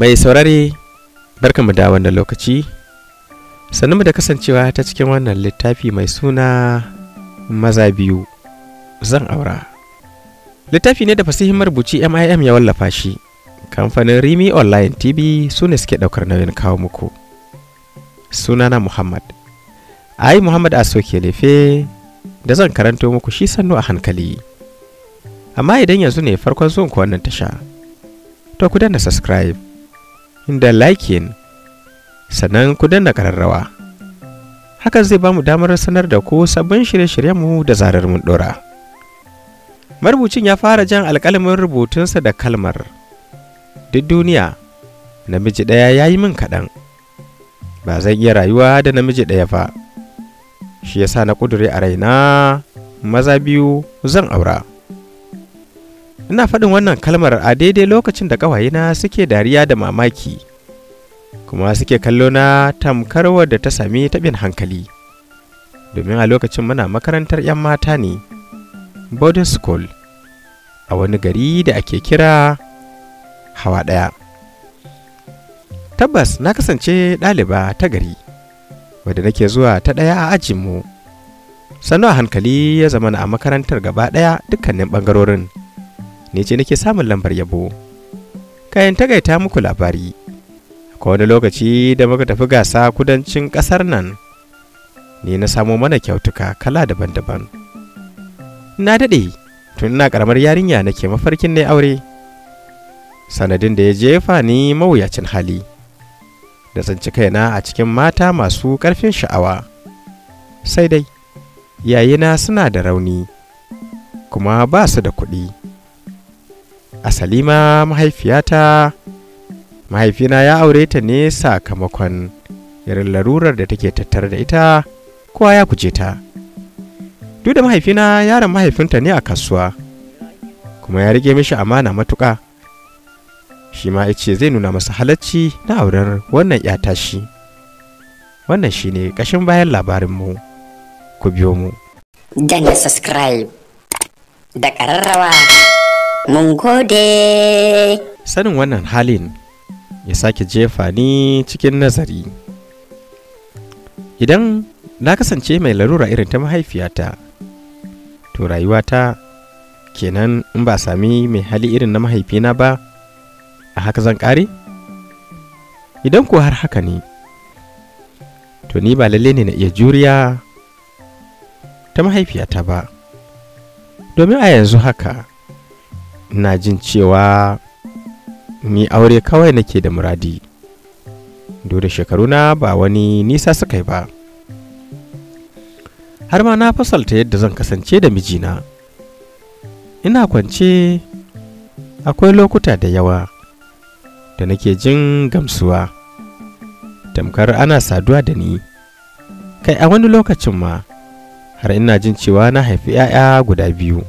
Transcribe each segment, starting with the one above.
Mai saurare barkanmu da wannan lokaci, mu da kasancewa ta cikin wannan littafi mai suna maza biyu zan aura. Littafi ne da fasihin marubuci MIM ya wallafa shi, kamfanin Rimi Online TV su ne suke ɗaukar nauyin kawo muku. Sunana Muhammad. Ai Muhammad Aso ke lefe da zan karanto muku shi sannu a hankali. Amma idan yanzu ne farkon zuwanku wannan tasha, to ku danna subscribe. Inda lakin sannan ku danna kararrawa hakan zai ba mu damar sanar da ku sabbin shirye-shiryenmu da zarar mun ɗora marubucin ya fara jan alkalamin rubutunsa da kalmar duk duniya namiji ɗaya ya yi min kaɗan ba zan iya rayuwa da namiji ɗaya ba shi ya sa na ƙudure a raina maza biyu zan aura ina faɗin wannan kalmar a daidai lokacin da ƙawayena suke dariya da mamaki kuma suke kallo na tamkar wadda ta sami taɓin hankali domin a lokacin muna makarantar 'yan mata ne boarding school a wani gari da ake kira hawa ɗaya tabbas na kasance ɗaliba ta gari wadda nake zuwa ta ɗaya a ajinmu sannu a hankali ya zama a makarantar gaba ɗaya dukkanin ɓangarorin ne ce nake samun lambar yabo kayan ta gaita muku labari akwai wani lokaci da muka tafi gasa kudancin ƙasar nan ne na samo mana kyautuka kala daban-daban na daɗe tun ina ƙaramar yarinya nake mafarkin ne aure sanadin da ya jefa ni mawuyacin hali da tsinci kaina a cikin mata masu ƙarfin sha'awa sai dai yayina suna da rauni kuma ba su da kuɗi asali ma mahaifiyata mahaifina ya aure ta ne sakamakon irin larurar da take tattare da ita kowa ya kuce ta duk da mahaifina yaron mahaifinta ne a kasuwa kuma ya rike mishi amana matuƙa shi ma ya ce zai nuna masa halacci na auren wannan 'yata shi. wannan shine ƙashin bayan labarinmu ku biyo mu danna subscribe da ƙararrawa Mun gode. Sanin wannan halin ya sake jefa ni cikin nazari. Idan na kasance mai larura irin ta mahaifiyata, to rayuwata kenan in ba sami mai hali irin na mahaifina ba, a haka zan ƙare? Idan ko har haka ne, to ni ba lalle ne na iya juriya ta mahaifiyata ba, domin a yanzu haka. ina jin cewa ni aure kawai nake da muradi duk shekaru na ba wani nisa suka yi ba har ma na fasalta yadda zan kasance da mijina ina kwance akwai lokuta da yawa da nake jin gamsuwa tamkar ana saduwa da ni kai a wani lokacin ma har ina jin cewa na haifi 'ya'ya guda biyu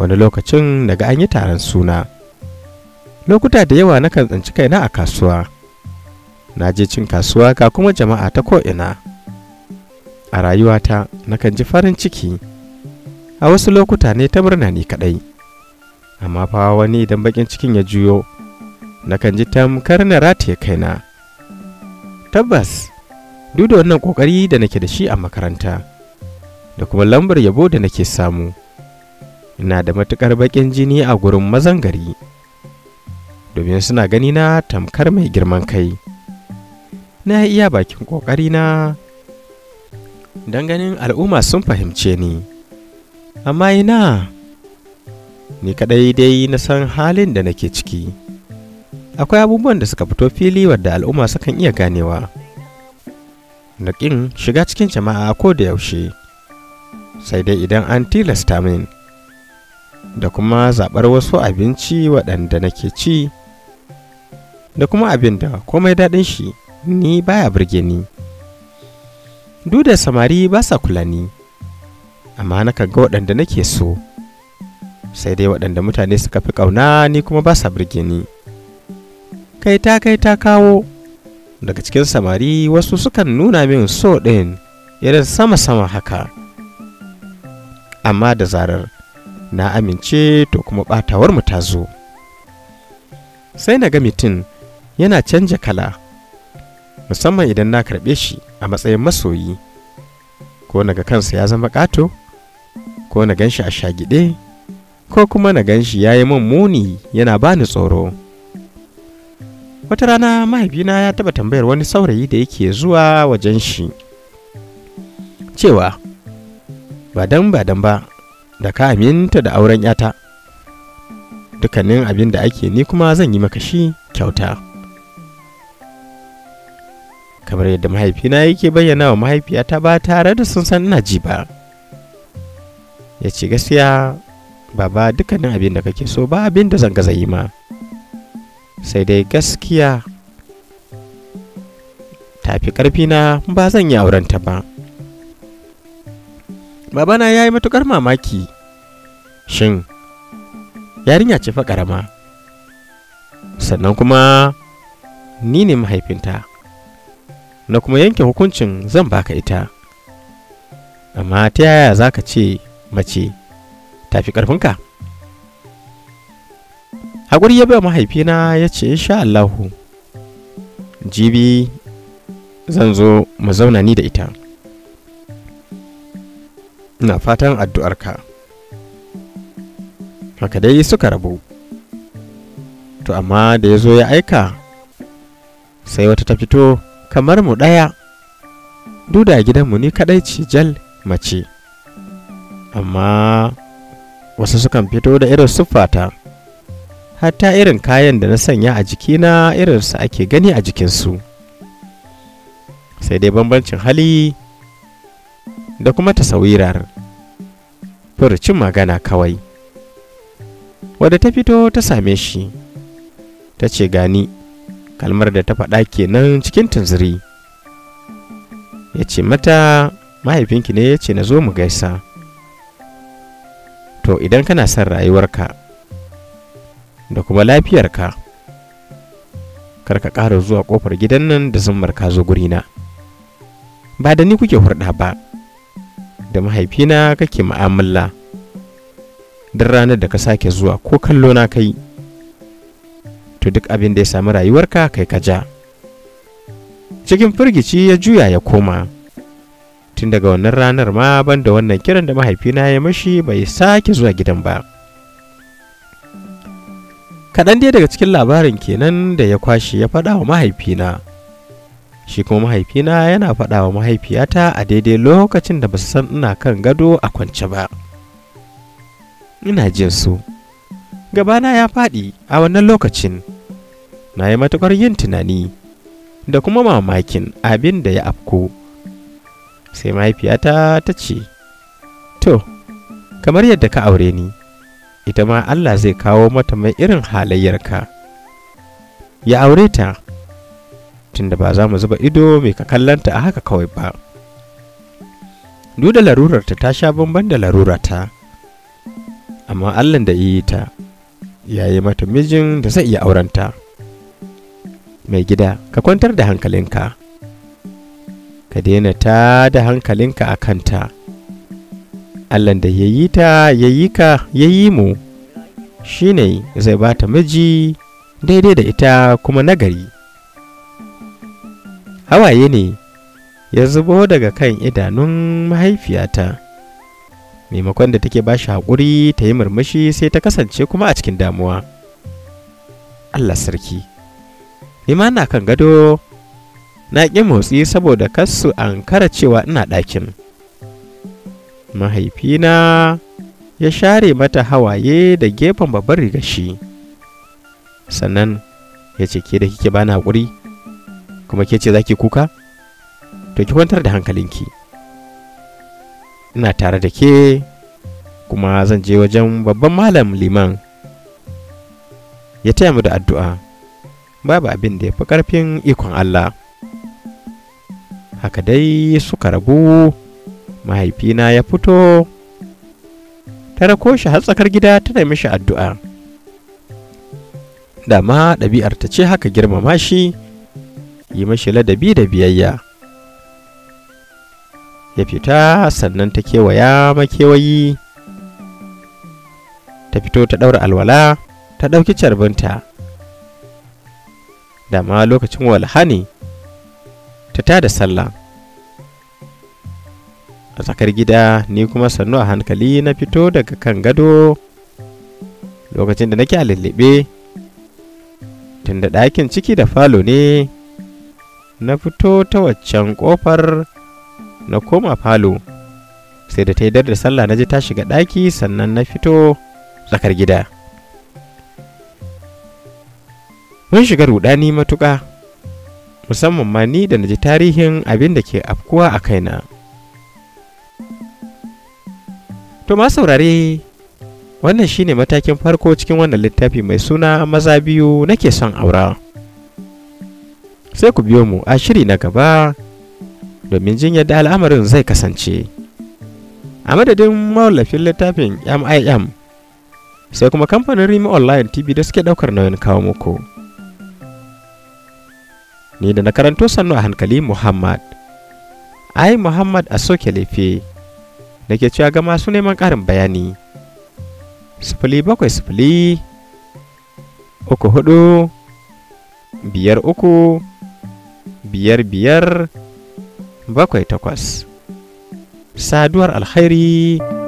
wani lokacin daga an yi taron suna lokuta da yawa nakan tsanci kaina a kasuwa na je cin kasuwa ga kuma jama'a ta ko'ina a rayuwata nakan ji farin ciki a wasu lokuta ne ta murna ni kaɗai amma fa wani idan bakin cikin ya juyo nakan ji tamkar na rataye kaina tabbas duk da wannan ƙoƙari da nake da shi a makaranta da kuma lambar yabo da nake samu ina da matuƙar baƙin jini a gurin mazan gari domin suna gani na tamkar mai girman kai na iya bakin ƙoƙarina don ganin al'umma sun fahimce ni amma ina ni kaɗai dai na san halin da nake ciki akwai abubuwan da suka fito fili wadda al'umma sukan iya ganewa na shiga cikin jama'a ko da yaushe sai dai idan an tilasta min da kuma zaɓar wasu abinci waɗanda nake ci da kuma abin da komai daɗin shi ni baya burge ni duk da samari ba sa kula ni amma na ga waɗanda nake so sai dai waɗanda mutane suka fi ƙauna ni kuma ba sa burge ni kai ta kai ta kawo daga cikin samari wasu sukan nuna min so ɗin irin sama-sama haka amma da zarar na amince to kuma batawar mu ta zo sai na ga mutum yana canja kala musamman idan na karɓe shi a matsayin masoyi ko na ga kansa ya zama ƙato ko na gan shi a shagide ko kuma na gan shi ya yi min muni yana bani tsoro wata rana mahaifina ya taɓa tambayar wani saurayi da yake zuwa wajen shi cewa ba dan ba dan ba da ka aminta da auren yata dukkanin abin da ake ni kuma zan yi maka shi kyauta kamar yadda mahaifina yake bayyana wa mahaifiyata ba tare da sun san ji ba ya ce gaskiya ba dukkanin abin da kake so ba abin da zan gaza yi ma sai dai gaskiya tafi ƙarfina ba zan yi auren ta ba babana ya yi matukar mamaki shin yarinya ce fa ƙarama sannan kuma ni ne mahaifinta na kuma yanke hukuncin zan baka ita amma ta yaya za ka ce mace tafi ƙarfinka haƙuri ya bai mahaifina ya ce sha Allahu jibi zan zo mu zauna ni da ita na fatan addu'arka haka dai suka rabu to amma da ya zo ya aika sai wata ta fito kamar mu ɗaya duda gidanmu ni kaɗai ce jal mace amma wasu sukan fito da irin siffata hatta irin kayan da na sanya a jikina irinsu ake gani a jikinsu sai dai bambancin hali da kuma ta tasawirar furcin magana kawai wadda ta fito ta same shi ta ce gani kalmar da ta faɗa kenan cikin tunzuri ya ce mata mahaifinki ne ya ce na zo mu gaisa to idan kana son rayuwarka da kuma lafiyarka karka ƙara zuwa ƙofar gidan nan da zummar ka zo gurina ba da ni kuke hurɗa ba da mahaifina kake ma'amala duk ranar da ka sake zuwa ko kallo na kai to duk abin da ya sami rayuwarka kai ka ja cikin firgici ya juya ya koma tun daga wannan ranar ma ban da wannan kiran da mahaifina ya mashi bai sake zuwa gidan ba kaɗan dai daga cikin labarin kenan da ya kwashe ya faɗa wa mahaifina shi kuma mahaifina yana faɗa wa mahaifiyata a daidai lokacin da ba su san ina kan gado a kwance ba ina jin su gabana ya faɗi a wannan lokacin na yi matukar yin tunani da kuma mamakin abin da ya afko sai mahaifiyata ta ce to kamar yadda ka aure ni ita ma allah zai kawo mata mai irin halayyarka ya aure ta da ba za mu zuba ido mai ka kallanta a haka kawai ba duk da larurarta ta sha bamban da larurata amma allan da yi ta ya yi mata mijin da zai iya aurenta mai gida ka kwantar da hankalinka ka daina ta da hankalinka a kanta allan da ya yi ta ya yi ka ya yi mu shi ne zai ba ta miji daidai da ita kuma nagari. hawaye ne ya zubo daga kan idanun mahaifiyata maimakon da take ba shi haƙuri ta yi murmushi sai ta kasance kuma a cikin damuwa allah sarki ma na kan gado na ƙi motsi saboda kasu an kara cewa ina ɗakin mahaifina ya share mata hawaye da gefen babbar rigashi sannan ya ce ke da kike bani haƙuri kuma ke ce za ki kuka to ki kwantar da hankalinki ina tare da ke kuma zan je wajen babban malam liman ya taya mu da addu'a babu abin da ya fi ƙarfin ikon Allah haka dai suka rabu mahaifina ya fito ta rako shi har tsakar gida tana mishi addu'a dama ɗabi'ar ta ce haka girmama shi yi mashi ladabi da biyayya ya fita sannan ta kewaya makewayi ta fito ta ɗaura alwala ta ɗauki carbinta da ma lokacin walhani ta tada sallah a tsakar gida ni kuma sannu a hankali na fito daga kan gado lokacin da nake a lullube tun da ɗakin ciki da falo ne na fito ta waccan kofar na koma falo sai da ta yi da sallah na ji ta shiga ɗaki sannan na fito tsakar gida mun shiga rudani matuƙa musamman ma ni da na ji tarihin abin da ke afkuwa a kaina to ma saurare wannan shine matakin farko cikin wannan littafi mai suna maza biyu nake son aura. sai ku biyo mu a shiri na gaba domin jin yadda al'amarin zai kasance a madadin mawallafin littafin MIM sai kuma kamfanin Rima Online TV da suke daukar nauyin kawo muku ni da na karanto sannu a hankali Muhammad ai Muhammad a soke laifi. da ke cewa ga masu neman ƙarin bayani sifili bakwai sifili uku hudu biyar uku biyar biyar bakwai takwas saduwar alkhairi